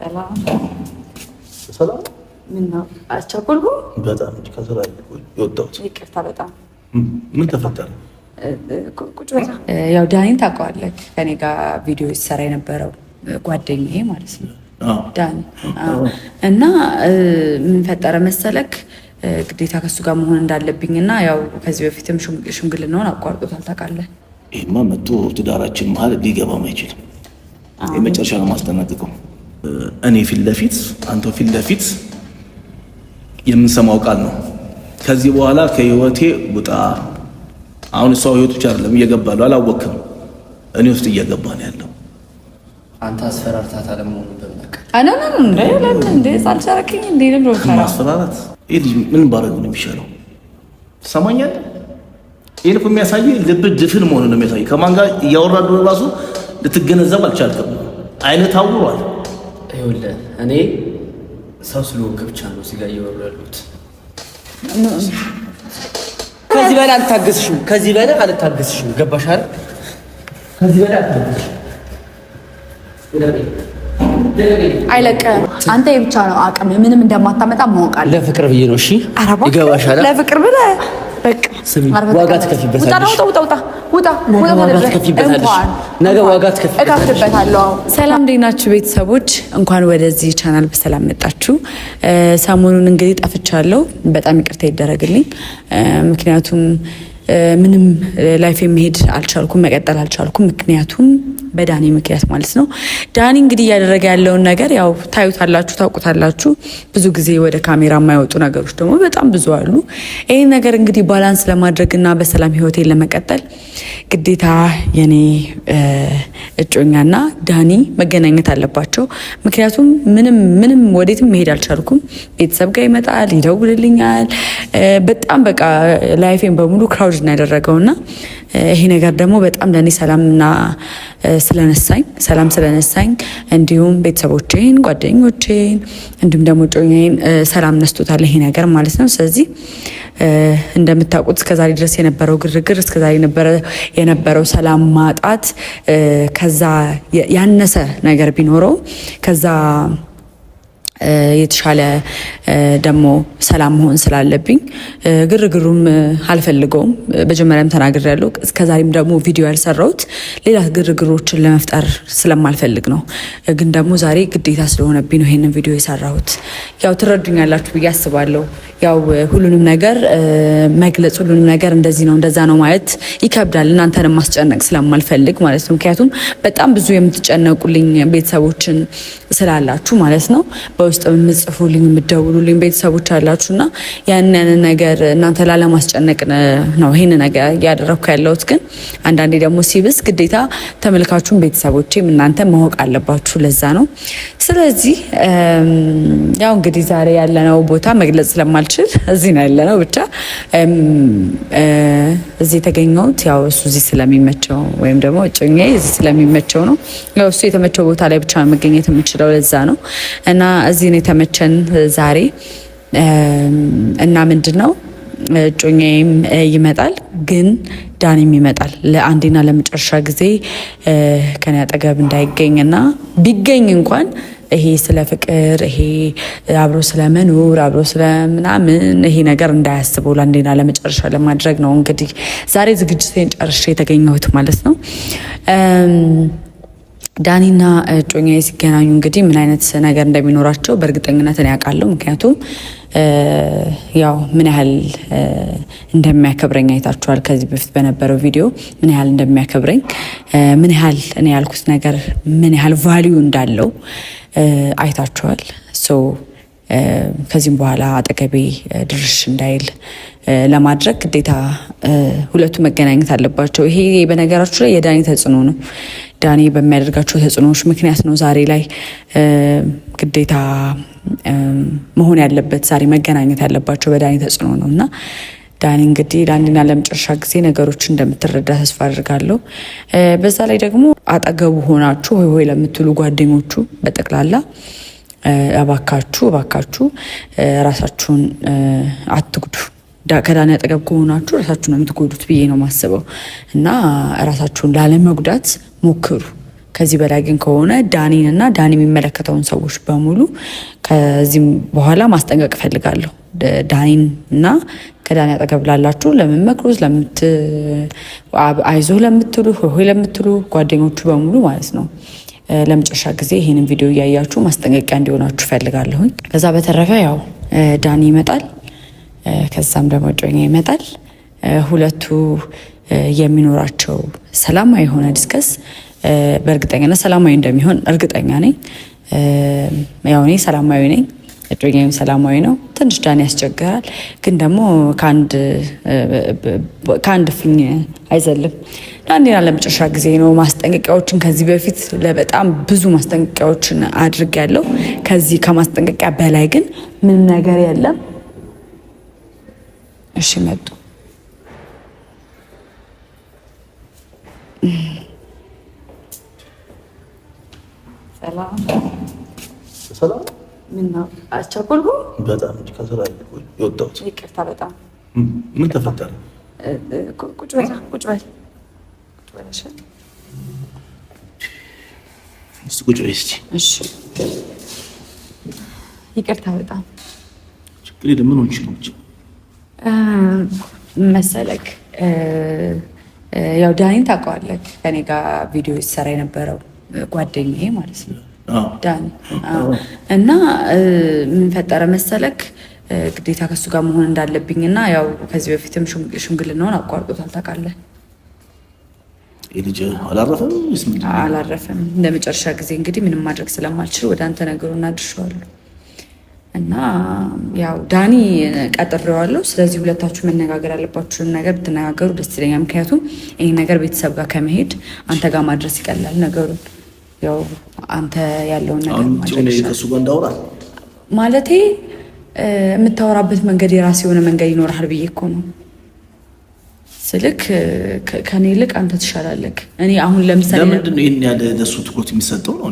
ሰላም ሰላም። በጣም ይቅርታ። በጣም ምን ተፈጠረ? ቁጭ ያው ዳኒን ታውቀዋለህ? ከኔ ጋር ቪዲዮ ሲሰራ የነበረው ጓደኛዬ ማለት ነው ዳኒ እና ምን ፈጠረ መሰለክ ግዴታ ከሱ ጋር መሆን እንዳለብኝ እና ያው ከዚህ በፊትም ሽምግልናውን አቋርጦታል ታውቃለህ ይህማ መጥቶ ትዳራችን መሀል ሊገባም አይችልም። የመጨረሻ ነው ማስጠነቅቀው። እኔ ፊት ለፊት አንተ ፊት ለፊት የምንሰማው ቃል ነው። ከዚህ በኋላ ከህይወቴ ውጣ። አሁን እሷ ህይወት ብቻ አይደለም እየገባ ነው፣ አላወቅም። እኔ ውስጥ እየገባ ነው ያለው። አንተ አስፈራርታታ አስፈራርታት አለመሆኑ ማስፈራራት። ይህ ምን ባረግ ነው የሚሻለው? ትሰማኛለህ ይህን እኮ የሚያሳይ ልብ ድፍን መሆኑ ነው የሚያሳይ። ከማን ጋር እያወራ እንደሆነ ራሱ ልትገነዘብ አልቻልክም። አይነ ታውሯል። ይኸውልህ እኔ ሰው ስለሆንክ ብቻ ነው ሲጋ ጋር ያሉት። ከዚህ በላይ አልታገስሽም። ከዚህ በላይ አልታገስሽም። ገባሽ አይደል? ከዚህ በላይ አልታገስሽም። አይለቀ አንተ የብቻ ነው አቅም ምንም እንደማታመጣ ማወቅ አለ። ለፍቅር ብዬ ነው። እሺ ይገባሻል። ለፍቅር ብለህ ዋጋ ዋጋ ሰላም እንዴት ቤተሰቦች? እንኳን ወደዚህ ቻናል በሰላም መጣችሁ። ሰሞኑን እንግዲህ ጠፍቻለሁ፣ በጣም ይቅርታ ይደረግልኝ። ምክንያቱም ምንም ላይፍ የመሄድ አልቻልኩም፣ መቀጠል አልቻልኩም። ምክንያቱም በዳኒ ምክንያት ማለት ነው። ዳኒ እንግዲህ እያደረገ ያለውን ነገር ያው ታዩታላችሁ፣ ታውቁታላችሁ። ብዙ ጊዜ ወደ ካሜራ የማይወጡ ነገሮች ደግሞ በጣም ብዙ አሉ። ይህ ነገር እንግዲህ ባላንስ ለማድረግ እና በሰላም ህይወቴን ለመቀጠል ግዴታ የኔ እጮኛና ዳኒ መገናኘት አለባቸው። ምክንያቱም ምንም ምንም ወዴትም መሄድ አልቻልኩም። ቤተሰብ ጋር ይመጣል፣ ይደውልልኛል። በጣም በቃ ላይፌን በሙሉ ክራውድ እናያደረገውና ይሄ ነገር ደግሞ በጣም ለእኔ ሰላምና ስለነሳኝ ሰላም ስለነሳኝ እንዲሁም ቤተሰቦቼን፣ ጓደኞቼን እንዲሁም ደግሞ ጮኛዬን ሰላም ነስቶታል ይሄ ነገር ማለት ነው። ስለዚህ እንደምታውቁት እስከዛሬ ድረስ የነበረው ግርግር እስከዛሬ የነበረው ሰላም ማጣት ከዛ ያነሰ ነገር ቢኖረው ከዛ የተሻለ ደግሞ ሰላም መሆን ስላለብኝ ግርግሩም አልፈልገውም። መጀመሪያም ያለው እስከዛሬም ደግሞ ቪዲዮ ያልሰራሁት ሌላ ግርግሮችን ለመፍጠር ስለማልፈልግ ነው። ግን ደግሞ ዛሬ ግዴታ ስለሆነብኝ ነው ይሄንን ቪዲዮ የሰራሁት። ያው ትረዱኛላችሁ ብዬ አስባለሁ። ያው ሁሉንም ነገር መግለጽ ሁሉንም ነገር እንደዚህ ነው እንደዛ ነው ማለት ይከብዳል። እናንተንም ማስጨነቅ ስለማልፈልግ ማለት ነው። ምክንያቱም በጣም ብዙ የምትጨነቁልኝ ቤተሰቦችን ስላላችሁ ማለት ነው። በውስጥ የምጽፉልኝ የምደውሉልኝ ቤተሰቦች አላችሁ እና ያንን ነገር እናንተ ላለማስጨነቅ ነው ይህን ነገር እያደረግኩ ያለሁት። ግን አንዳንዴ ደግሞ ሲብስ ግዴታ ተመልካቹን ቤተሰቦችም እናንተ ማወቅ አለባችሁ። ለዛ ነው። ስለዚህ ያው እንግዲህ ዛሬ ያለነው ቦታ መግለጽ ስለማልችል እዚህ ነው ያለነው። ብቻ እዚህ የተገኘሁት ያው እሱ እዚህ ስለሚመቸው ወይም ደግሞ እጮኛዬ እዚህ ስለሚመቸው ነው። ያው እሱ የተመቸው ቦታ ላይ ብቻ መገኘት የምችለው ለዛ ነው እና እዚህ ነው የተመቸን ዛሬ እና ምንድን ነው እጮኛዬም ይመጣል፣ ግን ዳኒም ይመጣል። ለአንዴና ለመጨረሻ ጊዜ ከኔ አጠገብ እንዳይገኝ እንዳይገኝና ቢገኝ እንኳን ይሄ ስለ ፍቅር ይሄ አብሮ ስለ መኖር አብሮ ስለ ምናምን ይሄ ነገር እንዳያስበው ለአንዴና ለመጨረሻ ለማድረግ ነው እንግዲህ ዛሬ ዝግጅቴን ጨርሼ የተገኘሁት ማለት ነው። ዳኒና እጮኛዬ ሲገናኙ እንግዲህ ምን አይነት ነገር እንደሚኖራቸው በእርግጠኝነት እኔ ያውቃለሁ። ምክንያቱም ያው ምን ያህል እንደሚያከብረኝ አይታችኋል። ከዚህ በፊት በነበረው ቪዲዮ ምን ያህል እንደሚያከብረኝ፣ ምን ያህል እኔ ያልኩት ነገር ምን ያህል ቫሊዩ እንዳለው አይታችኋል። ሶ ከዚህም በኋላ አጠገቤ ድርሽ እንዳይል ለማድረግ ግዴታ ሁለቱ መገናኘት አለባቸው። ይሄ በነገራችሁ ላይ የዳኒ ተጽዕኖ ነው። ዳኔ በሚያደርጋቸው ተጽዕኖዎች ምክንያት ነው ዛሬ ላይ ግዴታ መሆን ያለበት ዛሬ መገናኘት ያለባቸው በዳኔ ተጽዕኖ ነው እና ዳኒ እንግዲህ ለአንድና ለመጨረሻ ጊዜ ነገሮች እንደምትረዳ ተስፋ አድርጋለሁ። በዛ ላይ ደግሞ አጠገቡ ሆናችሁ ሆይ ሆይ ለምትሉ ጓደኞቹ በጠቅላላ እባካችሁ እባካችሁ ራሳችሁን አትጉዱ። ከዳኒ አጠገብ ከሆናችሁ ራሳችሁን የምትጎዱት ብዬ ነው የማስበው እና ራሳችሁን ላለመጉዳት ሞክሩ። ከዚህ በላይ ግን ከሆነ ዳኒን እና ዳኒ የሚመለከተውን ሰዎች በሙሉ ከዚህም በኋላ ማስጠንቀቅ እፈልጋለሁ። ዳኒን እና ከዳኒ አጠገብ ላላችሁ ለምመክሩት፣ አይዞህ ለምትሉ፣ ሆይ ለምትሉ ጓደኞቹ በሙሉ ማለት ነው ለመጨረሻ ጊዜ ይህንን ቪዲዮ እያያችሁ ማስጠንቀቂያ እንዲሆናችሁ እፈልጋለሁ ከዛ በተረፈ ያው ዳኒ ይመጣል፣ ከዛም ደግሞ ጮኛ ይመጣል። ሁለቱ የሚኖራቸው ሰላማዊ የሆነ ዲስከስ በእርግጠኝነት ሰላማዊ እንደሚሆን እርግጠኛ ነኝ። ያው እኔ ሰላማዊ ነኝ፣ እጮኛዬም ሰላማዊ ነው። ትንሽ ዳን ያስቸግራል፣ ግን ደግሞ ከአንድ ፍኝ አይዘልም። ለአንዴና ለመጨረሻ ጊዜ ነው። ማስጠንቀቂያዎችን ከዚህ በፊት ለበጣም ብዙ ማስጠንቀቂያዎችን ያለው ከዚህ ከማስጠንቀቂያ በላይ ግን ምንም ነገር የለም። እሺ መጡ። ሰላም ሰላም። ምነው አስቸኮልኩ? በጣም ከስራ የወጣሁት። ይቅርታ። በጣም ምን ተፈጠረ? ቁጭ በል ቁጭ በል ቁጭ በል እሺ። ይቅርታ። በጣም ችግር የለም። ምን ሆንሽ ነው መሰለክ ያው ዳኒን ታውቀዋለህ፣ ከኔ ጋር ቪዲዮ ይሰራ የነበረው ጓደኛዬ ማለት ነው ዳኒ እና ምን ፈጠረ መሰለክ ግዴታ ከሱ ጋር መሆን እንዳለብኝ እና ያው ከዚህ በፊትም ሽምግልናውን አቋርጦታል። ታውቃለህ ልጅ አላረፈም አላረፈም። እንደ መጨረሻ ጊዜ እንግዲህ ምንም ማድረግ ስለማልችል ወደ አንተ ነገሩ አድርሸዋለሁ። እና ያው ዳኒ ቀጥሬዋለሁ። ስለዚህ ሁለታችሁ መነጋገር ያለባችሁን ነገር ብትነጋገሩ ደስ ይለኛል። ምክንያቱም ይህ ነገር ቤተሰብ ጋር ከመሄድ አንተ ጋር ማድረስ ይቀላል ነገሩን። ያው አንተ ያለውን ነገር ማለቴ የምታወራበት መንገድ የራስ የሆነ መንገድ ይኖርሃል ብዬ እኮ ነው ስልክ ከኔ ይልቅ አንተ ትሻላለህ። እኔ አሁን ለምሳሌ ለምንድን ነው ይህን ያለ ለሱ ትኩረት የሚሰጠው ነው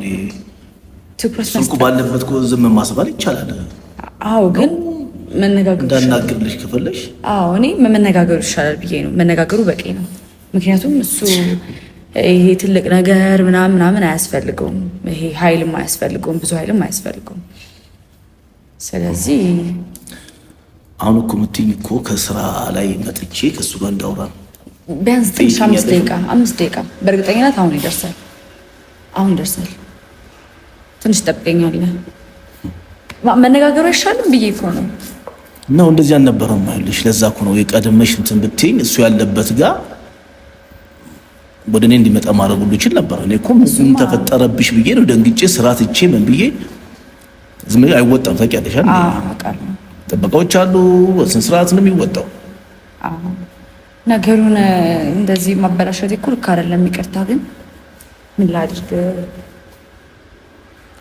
ትኩረት ሱቁ ባለበት ዝም ማስባል ይቻላል። አዎ ግን መነጋገሩ እንዳናግርልሽ ከፈለሽ አዎ እኔ መነጋገሩ ይሻላል ብዬ ነው። መነጋገሩ በቂ ነው። ምክንያቱም እሱ ይሄ ትልቅ ነገር ምናምን ምናምን አያስፈልገውም። ይሄ ኃይልም አያስፈልገውም፣ ብዙ ኃይልም አያስፈልገውም። ስለዚህ አሁን እኮ የምትይኝ እኮ ከስራ ላይ መጥቼ ከእሱ ጋር እንዳውራ ቢያንስ ትንሽ አምስት ደቂቃ አምስት ደቂቃ በእርግጠኝነት አሁን ይደርሳል፣ አሁን ይደርሳል። ትንሽ ጠብቀኛለ መነጋገሩ አይሻልም ብዬ እኮ ነው ነው እንደዚህ አልነበረም ማለሽ። ለዛ እኮ ነው የቀድመሽ እንትን ብትይኝ እሱ ያለበት ጋር ወደ እኔ እንዲመጣ ማድረግ ሁሉ ይችል ነበር። እኔ እኮ ምን ተፈጠረብሽ ብዬ ነው ደንግጬ ስራ ትቼ ምን ብዬ ዝም ብዬ አይወጣም። ታውቂያለሽ አይደል? ጥበቃዎች አሉ። በስንት ስርዓት ነው የሚወጣው። ነገሩን እንደዚህ ማበላሸት እኮ ልክ አይደለም። ይቅርታ ግን ምን ላድርግ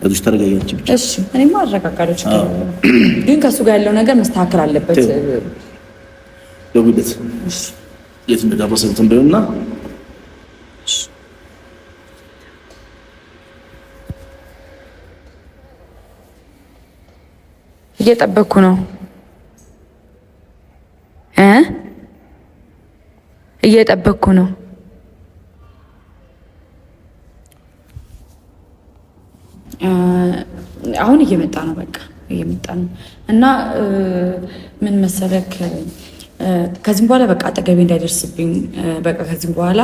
እዚህ ተረጋጋች ብቻ። እሺ እኔማ አረጋጋለሁ፣ ችግር ግን ከሱ ጋር ያለው ነገር መስተካከል አለበት። ደውልለት የት እንደደረሰ እንትን በይውና እየጠበቅኩ ነው እ እየጠበኩ ነው አሁን እየመጣ ነው፣ በቃ እየመጣ ነው እና ምን መሰለክ ከዚህም በኋላ በቃ አጠገቤ እንዳይደርስብኝ በቃ ከዚህም በኋላ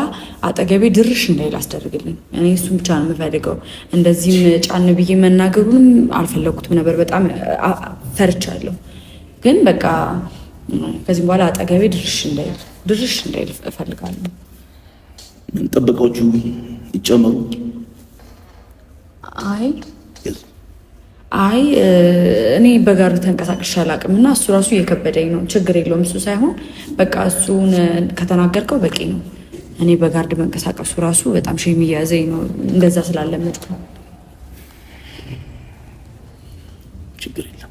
አጠገቤ ድርሽ እንዳይል አስደርግልኝ። እኔ እሱም ብቻ ነው የምፈልገው። እንደዚህም ጫን ብዬ መናገሩንም አልፈለጉትም ነበር። በጣም ፈርቻለሁ። ግን በቃ ከዚህም በኋላ አጠገቤ ድርሽ እንዳይል ድርሽ እንዳይል እፈልጋለሁ። ጥበቃዎቹ ይጨመሩ። አይ አይ እኔ በጋሪ ተንቀሳቅሼ አላውቅም እና እሱ ራሱ እየከበደኝ ነው። ችግር የለውም እሱ ሳይሆን በቃ እሱን ከተናገርከው በቂ ነው። እኔ በጋርድ መንቀሳቀሱ ራሱ በጣም ሽ የሚያዘኝ ነው እንደዛ ስላለመድኩ። ችግር የለም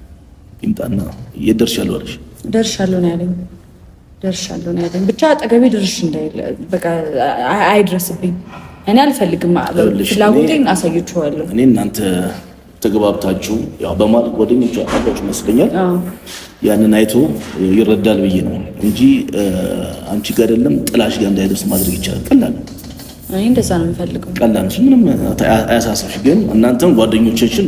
ይምጣና የት ደርሻለሁ አለሽ? ደርሻለሁ ነው ያለኝ። ደርሻለሁ ነው ያለኝ። ብቻ አጠገቤ ድርሽ እንዳይል በቃ አይድረስብኝ እኔ አልፈልግም። ፍላጎቴን አሳይችኋለሁ። እኔ እናንተ ተግባብታችሁ በማለት ጓደኞች አላችሁ ይመስለኛል። ያንን አይቶ ይረዳል ብዬ ነው እንጂ አንቺ ጋር አይደለም ጥላሽ ጋር እንዳይደርስ ማድረግ ይቻላል። ቀላል እንደዛ ነው የምፈልገው። ቀላል ምንም አያሳስብሽ። ግን እናንተም ጓደኞቻችን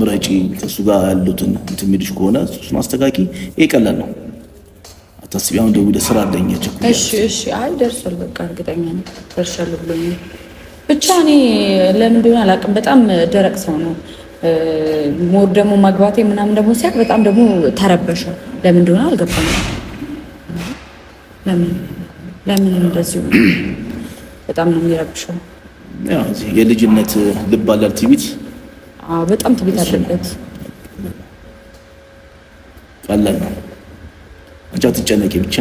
ምረጪ፣ ከእሱ ጋር ያሉትን እንትን የሚልሽ ከሆነ እሱን አስተካኪ። ይሄ ቀላል ነው። አታስቢ። አሁን ወደ ስራ አለኝ እሺ እሺ። አይ ደርሷል፣ በቃ እርግጠኛ ነኝ ደርሻለሁ ብሎኛል። ብቻ እኔ ለምን እንደሆነ አላውቅም፣ በጣም ደረቅ ሰው ነው። ሞር ደግሞ ማግባቴ ምናምን ደግሞ ሲያቅ በጣም ደግሞ ተረበሸ። ለምን እንደሆነ አልገባኝም። ለምን ለምን እንደዚሁ በጣም ነው የሚረብሸው። የልጅነት ልብ አላል ትቢት፣ በጣም ትቢት አለበት። ቀላል ነው ብቻ ትጨነቂ ብቻ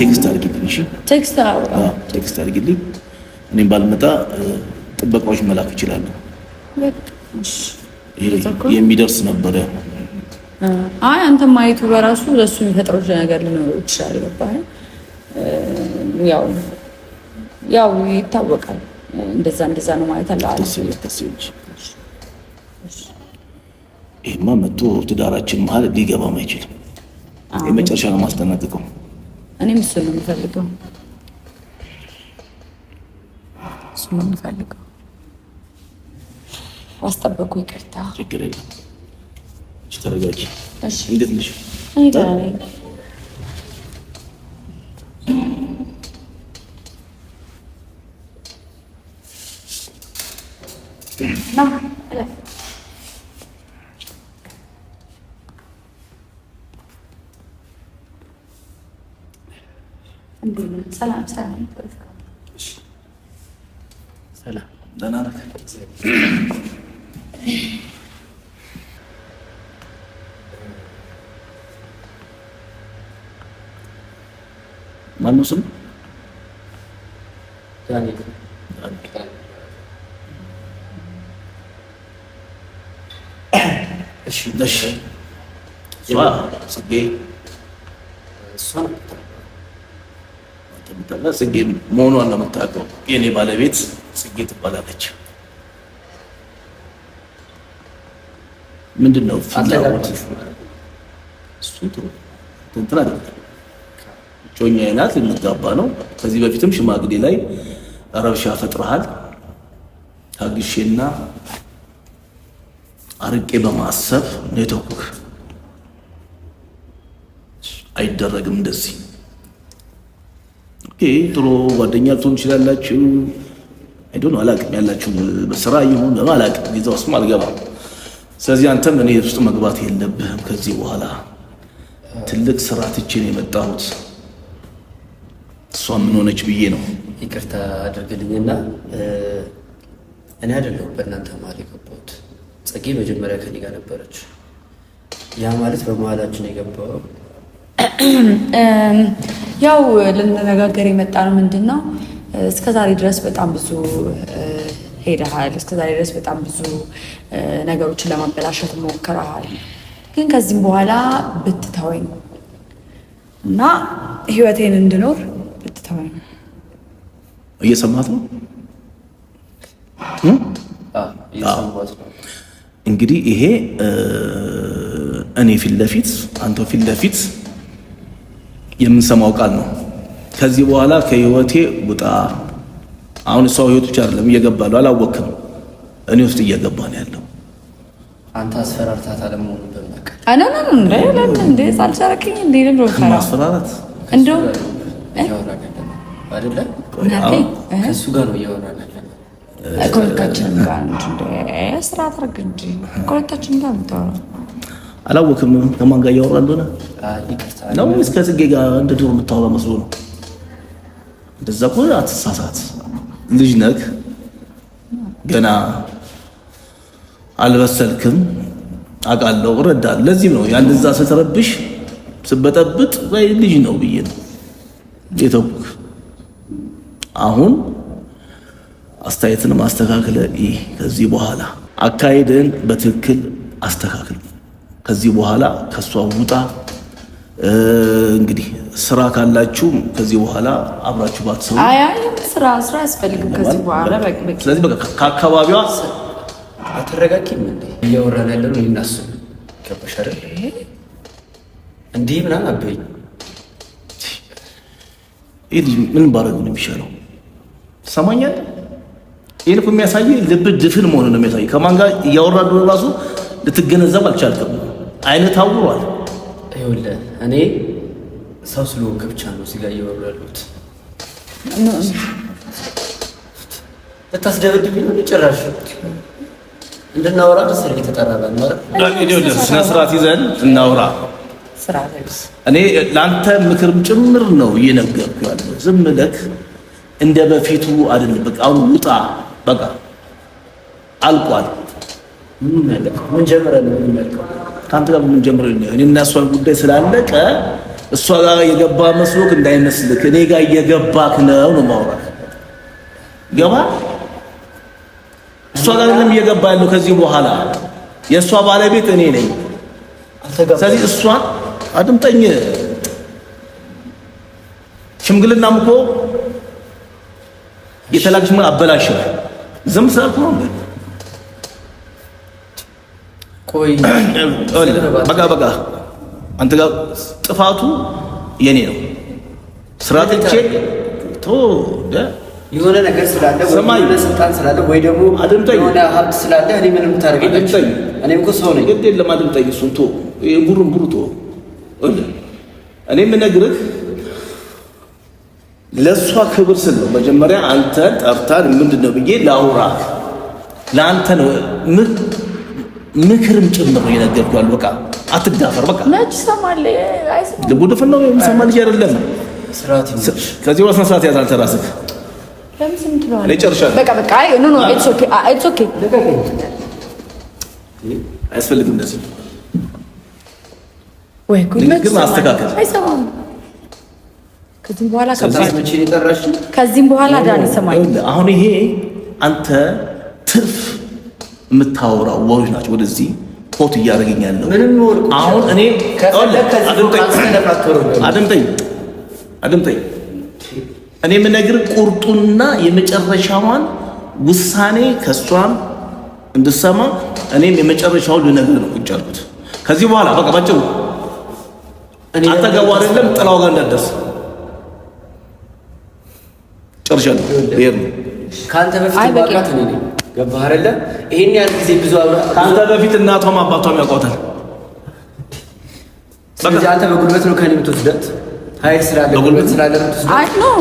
ቴክስት አድርጊልኝ። ቴክስት አድርጊልኝ። እኔም ባልመጣ ጥበቃዎች መላክ ይችላሉ። የሚደርስ ነበረ። አይ አንተ ማየቱ በራሱ ለሱ የሚፈጥረው ነገር ሊኖረው ይችላል። ያው ያው ይታወቃል። እንደዛ እንደዛ ነው ማለት አለ። ይህማ መቶ ትዳራችን መሀል ሊገባም አይችልም። የመጨረሻ ነው የማስጠናቅቀው። እኔም እሱን ነው የምፈልገው፣ እሱን ነው የምፈልገው። አስጠበኩ፣ ይቅርታ። ችግር የለም። ተረጋጊ። እንዴት ነሽ? ነው ስም ጽጌ መሆኗን ነው የምታውቀው። ባለቤት ጽጌ ትባላለች። ምንድን ነው ፍላጎት? ጮኛዬ ናት፣ ልንጋባ ነው። ከዚህ በፊትም ሽማግሌ ላይ ረብሻ ፈጥረሃል ታግሼና አርቄ በማሰብ ነው የተውኩህ። አይደረግም እንደዚህ። ኦኬ ጥሩ ጓደኛ ልትሆን ትችላላችሁ። አይዶ አላቅም ያላችሁ በስራ ይሁን ለማ አላቅም፣ ጊዜ ውስጥም አልገባም። ስለዚህ አንተም እኔ ውስጥ መግባት የለብህም ከዚህ በኋላ ትልቅ ስራ ትቼ ነው የመጣሁት። እሷ ምን ሆነች ብዬ ነው። ይቅርታ አድርግልኝና እኔ አይደለሁም በእናንተ መሀል የገባሁት። ጸጌ መጀመሪያ ከኔ ጋር ነበረች። ያ ማለት በመሀላችን የገባው ያው ልንነጋገር የመጣ ነው። ምንድን ነው እስከዛሬ ድረስ በጣም ብዙ ሄደሃል። እስከዛሬ ድረስ በጣም ብዙ ነገሮችን ለማበላሸት ሞክረሃል። ግን ከዚህም በኋላ ብትተወኝ እና ህይወቴን እንድኖር እየሰማት ነው። እንግዲህ ይሄ እኔ ፊት ለፊት አንተ ፊት ለፊት የምንሰማው ቃል ነው። ከዚህ በኋላ ከህይወቴ ውጣ። አሁን እሷ ህይወት ብቻ አይደለም እየገባ ነው፣ አላወቅም እኔ ውስጥ እየገባ ነው ያለው። አንተ አስፈራርታት አለመሆኑ በመቀ ከእሱ ጋር ነው እያወራን አላወቅም። ከማን ጋር እያወራ እንደሆነ ነው ወይስ ከጽጌ ጋር እንደ ድሮ የምታወራ መስሎ ነው? እንደዛ አትሳሳት። ልጅ ገና አልበሰልክም። አውቃለሁ፣ እረዳለሁ። ለዚህም ነው ያን እዛ ስትረብሽ ስበጠብጥ ልጅ ነው ብዬ ነው የተውኩህ። አሁን አስተያየትን ማስተካከለ ይህ ከዚህ በኋላ አካሄድህን በትክክል አስተካክል። ከዚህ በኋላ ከእሷ ውጣ። እንግዲህ ስራ ካላችሁ ከዚህ በኋላ አብራችሁ ባትሰሩ፣ ስራ ስራ ከዚህ በኋላ ስለዚህ በቃ ከአካባቢዋ አትረጋኪም። እንዲ እያወራን ያለ ነው እንዲህ ምናምን ይህ ምን ባረግ ነው የሚሻለው? ሰማኛል። ይህ ልብ የሚያሳይ ልብ ድፍን መሆኑ ነው የሚያሳይ። ከማን ጋር እያወራዱ ራሱ ልትገነዘብ አልቻልክም። አይነት አውሯል። ይኸውልህ እኔ ሰው ስለሆንክ ብቻ ነው እዚህ ጋር እያወሩ ያሉት። ልታስደበድብኝ ነው ጭራሽ። እንድናወራ ስነ ስርዓት ይዘን እናውራ። እኔ ለአንተ ምክርም ጭምር ነው ዝም ብለህ እንደ በፊቱ አይደለም። በቃ አሁን ውጣ፣ በቃ አልቋል። ምን ማለት ምን ጀመረ ነው የሚመልከው? ጋር ምን ጀመረ እኔ እና እሷ ጉዳይ ስላለቀ እሷ ጋር የገባ መስሎክ እንዳይመስልክ፣ እኔ ጋር እየገባክ ነው ነው ማውራት ገባ። እሷ ጋር ምንም እየገባ ያለው ከዚህ በኋላ የእሷ ባለቤት እኔ ነኝ። ስለዚህ እሷን አድምጠኝ። ሽምግልናም እኮ የተላክሽ ምን አበላሽ? ነው? ዝም ስላልኩ ነው። ቆይ በቃ በቃ አንተ ጋር ጥፋቱ የኔ ነው። ስራትቼ ቶ ደ የሆነ ነገር ስላለ ወይ ስልጣን ስላለ ወይ ደግሞ የሆነ ሀብት ስላለ እኔ ምንም ታደርገለች። እኔ እኮ ሰው ነኝ። ግድ የለም አድምጠኝ። እሱን ቶ ቡሩን ቡሩ ቶ እኔ የምነግርህ ለእሷ ክብር ስል ነው መጀመሪያ አንተ ጠርታን ምንድን ነው ብዬ ላውራ ለአንተ ነው ምክርም ጭምር የነገርኳል። በቃ አትዳፈር። በቃ ጉድፍን ነው የሚሰማ ልጅ አይደለም። ከዚህ በስነ ስርዓት ያዝ። አንተ ራስህ ጨርሻለሁ። አያስፈልግም እንደዚህ ግን አስተካከል ከዚህም በኋላ ከዚህም በኋላ ዳን ይሰማኝ። አሁን ይሄ አንተ ትርፍ የምታወራው ወሬዎች ናቸው። ወደዚህ ፖት እያደረገኝ ያለው አሁን እኔ አድምጠኝ አድምጠኝ። እኔ የምነግርህ ቁርጡና የመጨረሻዋን ውሳኔ ከእሷም እንድሰማ እኔም የመጨረሻውን ልነግርህ ነው ቁጭ ያልኩት። ከዚህ በኋላ በቃ ባጭሩ አጠገቡ አይደለም ጥላው ጋር እንዳትደርስ ጨርሻለሁ። ይሄ ነው ከአንተ በፊት ማውቃት እኔ ነኝ። ገባህ አይደለ? ይሄን ያህል ጊዜ ብዙ ከአንተ በፊት እናቷም አባቷም ያውቃታል። ስለዚህ አንተ በጉልበት ነው ከእኔ የምትወስዳት ኃይል ስላለ ጉልበት ስላለ የምትወስዳት። አይ ነው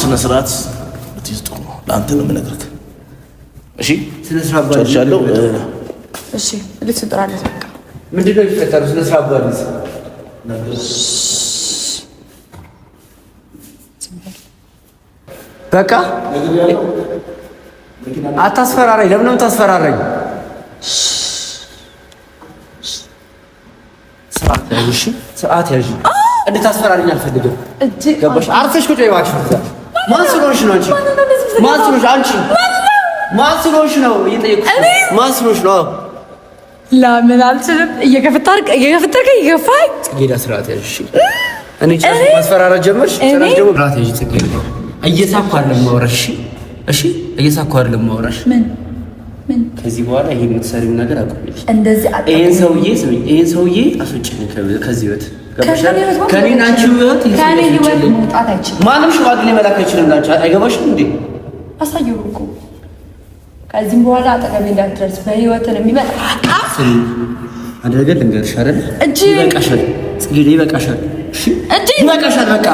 ስነ ስርዓት ብትይዝ ጥሩ ነው። ለአንተ ነው የምነግርህ። እሺ ስነ ስርዓት ባል ጨርሻለሁ። እሺ ልትጥራለህ። ምንድን ነው የሚፈጠረው? ስነ ስርዓት ባል ነገር በቃ አታስፈራራኝ። ለምን ነው የምታስፈራራኝ? ስርዓት ያዥ፣ እሺ? ስርዓት ያዥ። እንድታስፈራሪኝ አልፈልግም። ገባሽ? አርፈሽ ቁጭ ይባክሽ። ማን ስለሆንሽ ነው አንቺ? ማን ስለሆንሽ አንቺ? ማን ስለሆንሽ ነው እየጠየኩሽ? ማን ስለሆንሽ ነው? ለምን አልችልም? እየከፈተርክ እየከፈተርክ እየገፋኝ። ጽጌዳ ስርዓት ያዥ፣ እሺ? እኔ ማስፈራራት ጀመርሽ? ስርዓት ያዥ ጽጌዳ እየሳኩ አይደለም ማውራሽ። እሺ፣ እየሳኩ አይደለም ማውራሽ። ምን ምን ከዚህ በኋላ ይሄ የምትሰሪው ነገር አቁምልሽ። እንደዚህ ይሄን ሰውዬ ይሄን ሰውዬ አስወጪኝ ከዚህ ህይወት ከኔን አንቺ ህይወት ከኔ ህይወት መውጣት አይችልም። ማንም ሽዋግ ሊመላክ አይችልም። ላንቺ አይገባሽም እንዴ? አሳየው እኮ ከዚህም በኋላ አጠገቤ እንዳትደርስ በህይወትን የሚመጣ አደረገ ልንገርሽ አይደል? ይበቃሻል፣ ይበቃሻል፣ ይበቃሻል። በቃ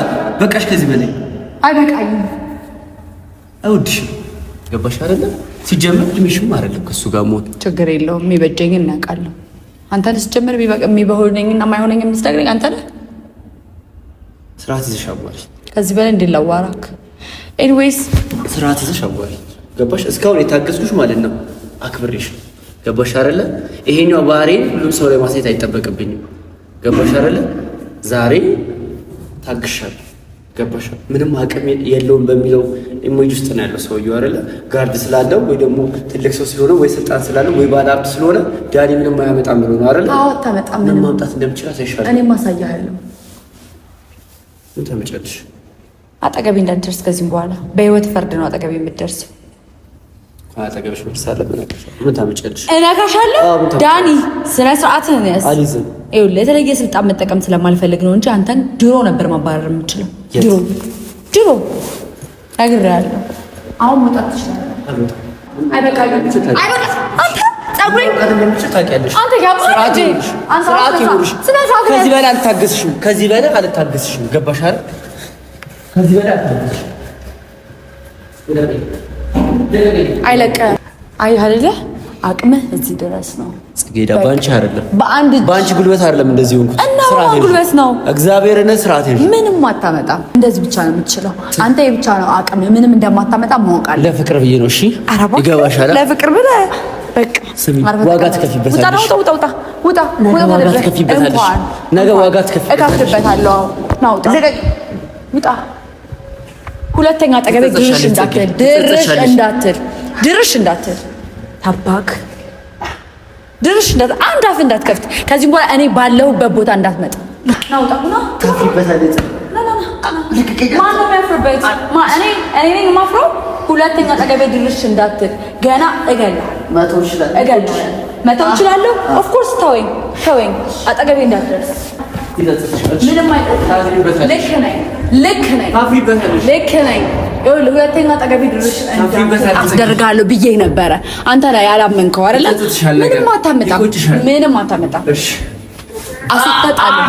በቃሽ ከዚህ በላይ አይበቃኝም። እውድሽ ገባሽ አይደለም? ሲጀምር እድሜሽም አይደለም ከእሱ ጋር ሞት ችግር የለውም። የሚበጀኝ እናውቃለሁ። አንተ ሲጀምር የሚበሆነኝና የማይሆነኝ የምትነግረኝ አንተ ነህ። ስርዓት ይዘሽ አዋሪ። ከዚህ በላይ እንዴት ላዋራክ? ኤኒዌይስ ስርዓት ይዘሽ አዋሪ። ገባሽ? እስካሁን የታገዝኩሽ ማለት ነው አክብሬሽ። ገባሽ አይደለ? ይሄኛው ባህሪዬን ሁሉም ሰው ላይ ማሳየት አይጠበቅብኝም። ገባሽ አይደለ? ዛሬ ታግሻለሁ። ገባሽ ምንም አቅም የለውም በሚለው ኢሞጅ ውስጥ ነው ያለው ሰውየው አይደለ? ጋርድ ስላለው ወይ ደግሞ ትልቅ ሰው ስለሆነ ወይ ስልጣን ስላለው ወይ ባለ ሀብት ስለሆነ ዳኒ ምንም አያመጣም ብሎ ነው አይደለ? አዎ አታመጣም። ምንም ማምጣት እንደምችል አሳይሻለሁ። እኔ አሳያለሁ። ምን ታመጫለሽ? አጠገቤ እንዳትደርስ ከዚህም በኋላ በህይወት ፈርድ ነው አጠገቤ የምትደርስ። አጠገብሽ ምትሳለ ምን ታመጫለሽ? እነካሻለሁ። ዳኒ ስነ ስርዓትን ያዝ። ይኸውልህ የተለየ ስልጣን መጠቀም ስለማልፈልግ ነው እንጂ አንተን ድሮ ነበር ማባረር የምችለው ድሮ ድሮ ነግሬሃለሁ። አሁን መውጣት ትችላለህ። ከዚህ በላይ አልታገስሽም። ከዚህ በላይ አልታገስሽም። ገባሽ አይደል? ከዚህ በላይ አልታገስሽም። አይለቀህም። አይደለ አቅምህ እዚህ ድረስ ነው ጽጌዳ። ባንቺ አይደለም በአንድ ባንቺ ጉልበት አይደለም እንደዚህ ሆንኩት እና ጉልበት ነው እግዚአብሔር እነ ስርዓት ምንም አታመጣም። እንደዚህ ብቻ ነው የምትችለው አንተ የብቻ ነው አቅም ምንም እንደማታመጣ ማወቅ አለ። ለፍቅር ብዬ ነው እሺ፣ ይገባሻል። ለፍቅር ብለህ በቃ ዋጋ ትከፊበታለሽ። ነገ ዋጋ ትከፊበታለሽ። ሁለተኛ አጠገቤ ድርሽ እንዳትል፣ ድርሽ እንዳትል፣ ድርሽ እንዳትል ታባክ ድርሽ አንድ አፍ እንዳትከፍት ከዚህ በኋላ እኔ ባለሁበት ቦታ እንዳትመጣ። ናውጣና ትፍሪበታለች። ማነው ነኝ ሁለተኛ ጠገቤ ድርሽ እንዳትል ገና እገልሃለሁ። መተው እችላለሁ። ኦፍኮርስ ተወኝ፣ ተወኝ። አጠገቤ እንዳትደርስ ምንም አይጠ ልክ ነኝ፣ ልክ ነኝ፣ ልክ ነኝ ሁለተኛ ጠገቢ ድርሽ አስደርጋለሁ ብዬ ነበረ። አንተ ላይ ያላመንከው አይደለ? ምንም አታመጣም፣ ምንም አታመጣም። አስጠጣለሁ